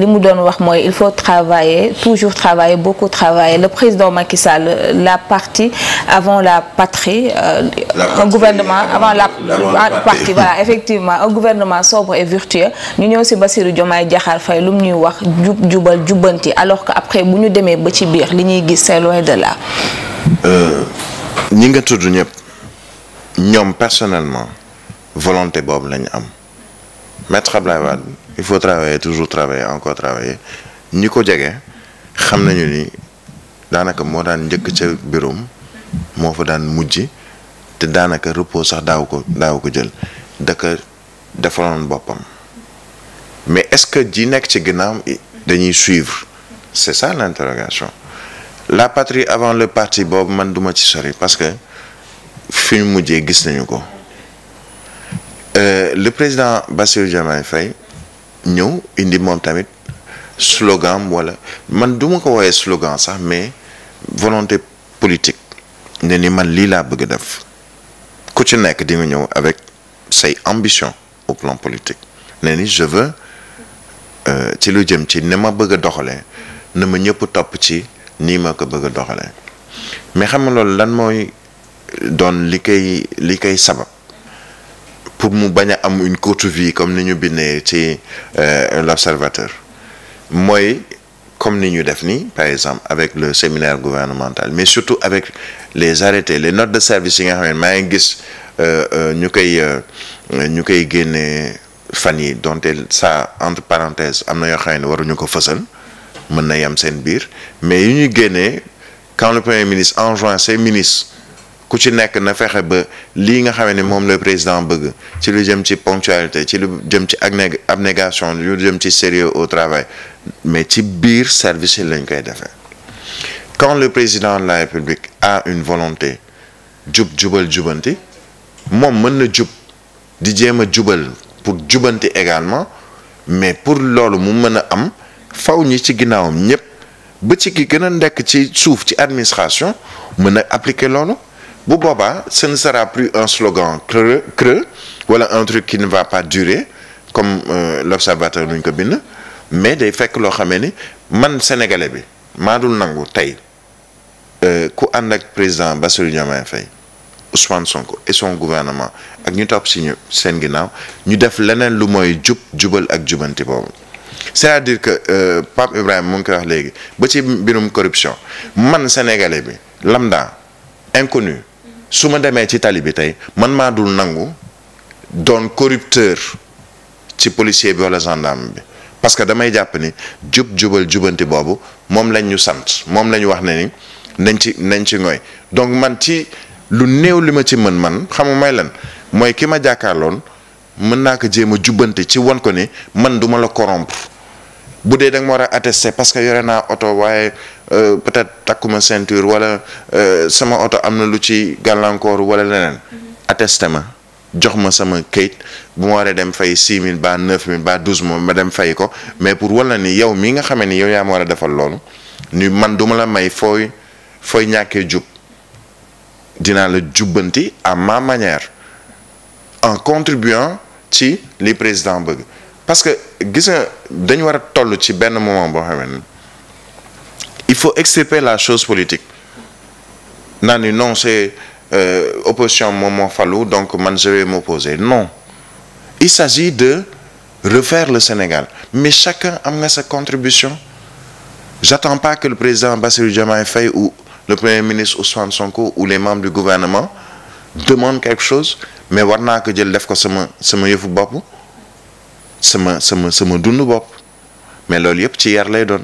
li mu doon wax mooy il faut travailler toujours travailler beaucoup travailler le président Macky Sall la partie avant la patrie. Euh, un gouvernement avant la. la partie voilà effectivement un gouvernement sobre et vertueux ñu ñëw si Bassirou Diomaye Diakhar Faye lu mu ñuy wax jub jubal jubbanti alors que après bu ñu demee ba ci biir li ñuy gis c'est loin de là. Euh, ñi nga tudd ñëpp ñoom personnellement volonté boobu lañu am. maître Abdoulaye Wade il faut travailler toujours travailler encore travailler ñi ko jege xam nañu ni daanaka moo daan njëkk ca biroom moo fa daan mujj te daanaka repos sax daaw ko daaw ko jël daka defaroon boppam mais est-ce que ji nekk ci ginnaaw dañuy suivre c'est ça l'interrogation la patrie avant le parti boobu man duma ci sori parce que fi ñu mujjee gis nañu ko le président Bassirou Diomaye Faye ñëw indi moom tamit slogan wala man du ma ko woowee slogan sax mais volonté politique ne ni man lii laa bëgg a def ku ci nekk di nga ñëw avec say ambition au plan politique ne ni je veux euh, ci lu jëm ci ni ma bëgg a doxalee na ma ñëpp topp ci nii ma ko bëgg a doxalee mais xam nga loolu lan mooy doon li koy li koy sabab pour mu bañ a am une courte vie comme ni ñu bindee ci l'observateur euh, mooy comme ni ñu def nii par exemple avec le séminaire gouvernemental mais surtout avec les arrêtés les notes de service yi nga xam ne maa ngi gis euh, euh, ñu koy ñu koy génne fan yi donte sa entre parenthèses am na yoo xam ne waruñu ko fësal mën na yem seen biir mais yu ñuy génnee quand le premier ministre enjoint ses ministres ku ci nekk na fexe ba lii nga xamee ni moom le président bëgg ci lu jëm ci ponctualité ci lu jëm ci abnégation lu jëm ci sérieux au travail mais ci biir service yi lañ koy defee quand le président de la république a une volonté jub jubal jubanti moom mën na jub di jéem a jubal pour jubanti également mais pour loolu mu mën a am faw ñi ci ginnaawam ñëpp ba ci ki gën a ndekk ci suuf ci administration mën a appliquer loolu bu boobaa ce ne sera plus un slogan creux creux wala un truc qui ne comme euh, l'observateur nuñ ko bind mais day fekk loo xamee ni man sénégalais bi maa dul nangu tey euh, ku ànd ak président Bassirou Diomaye Faye Ousmane Sonko et son gouvernement ak ñu topp si ñu seen ginnaaw ñu def leneen lu mooy jub jubal ak jubanti boobu c'est-à-dire que euh, Pape Ibrahima mu ngi koy wax léegi ba ci mbirum corruption man sénégalais bi lambda inconnu su ma demee ci tali bi tey man maa dul nangu doon corrupteur ci policier bi walla gendarme bi parce que damay jàpp ni jub jubal jubanti boobu moom lañ ñu sant moom la ñu wax ne ni nañ ci nañ ci ngooy donc man ci lu néew li ma ci mën man xamu may lan mooy ki ma jàkkaarloon mën naa ko jéem a jubbante ci won ko ni man duma la corrompre bu dee da nga ma war a attester parce que yore naa oto waaye Euh, peut-être takkuma ceinture wala euh, sama oto am na lu ci gàllankoor wala leneen mhm. attesté ma jox ma sama kayit bu ma waree dem fey six mille ba neuf mille ba douze mois ma dem fay ko mais pour wala ni yow mi nga xamee ni yow yaa ma war a defal loolu ni man duma la may fooy fooy ñàkkee jub dinaa la jubbanti à ma manière en contribuant ci li président bëgg parce que gis nga war a toll ci benn moment boo xam ne faut extirper la chose politique naa ni non c'est euh, opposition moom moo donc man je vais m'opposer non il s'agit de refaire le Sénégal mais chacun am nga sa contribution j'attends pas que le président Bassirou Diomaye Faye ou le premier ministre Ousmane Sonko ou les membres du gouvernement demandent quelque chose mais war naa ko jël def ko sama sama yëfu bopp sama sama sama dund bopp mais loolu yëpp ci yar lay doon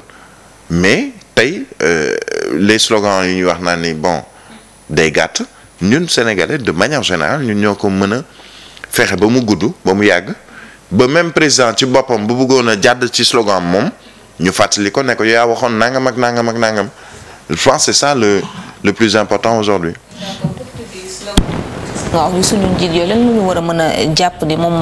mais tey euh, les slogans yu ñu wax naa ni bon day gàtt ñun sénégalais de manière générale ñun ñoo ko mën fexe ba mu gudd ba mu yàgg ba même président ci boppam bu bëggoon a jàdd ci slogan moom ñu fàttali ko ne ko yaa waxoon nangam ak nangam ak nangam je pense c'est ça le le plus important aujourd'hui waaw suñu njiit yooyu lan la ñu war a mën a jàpp di moom moo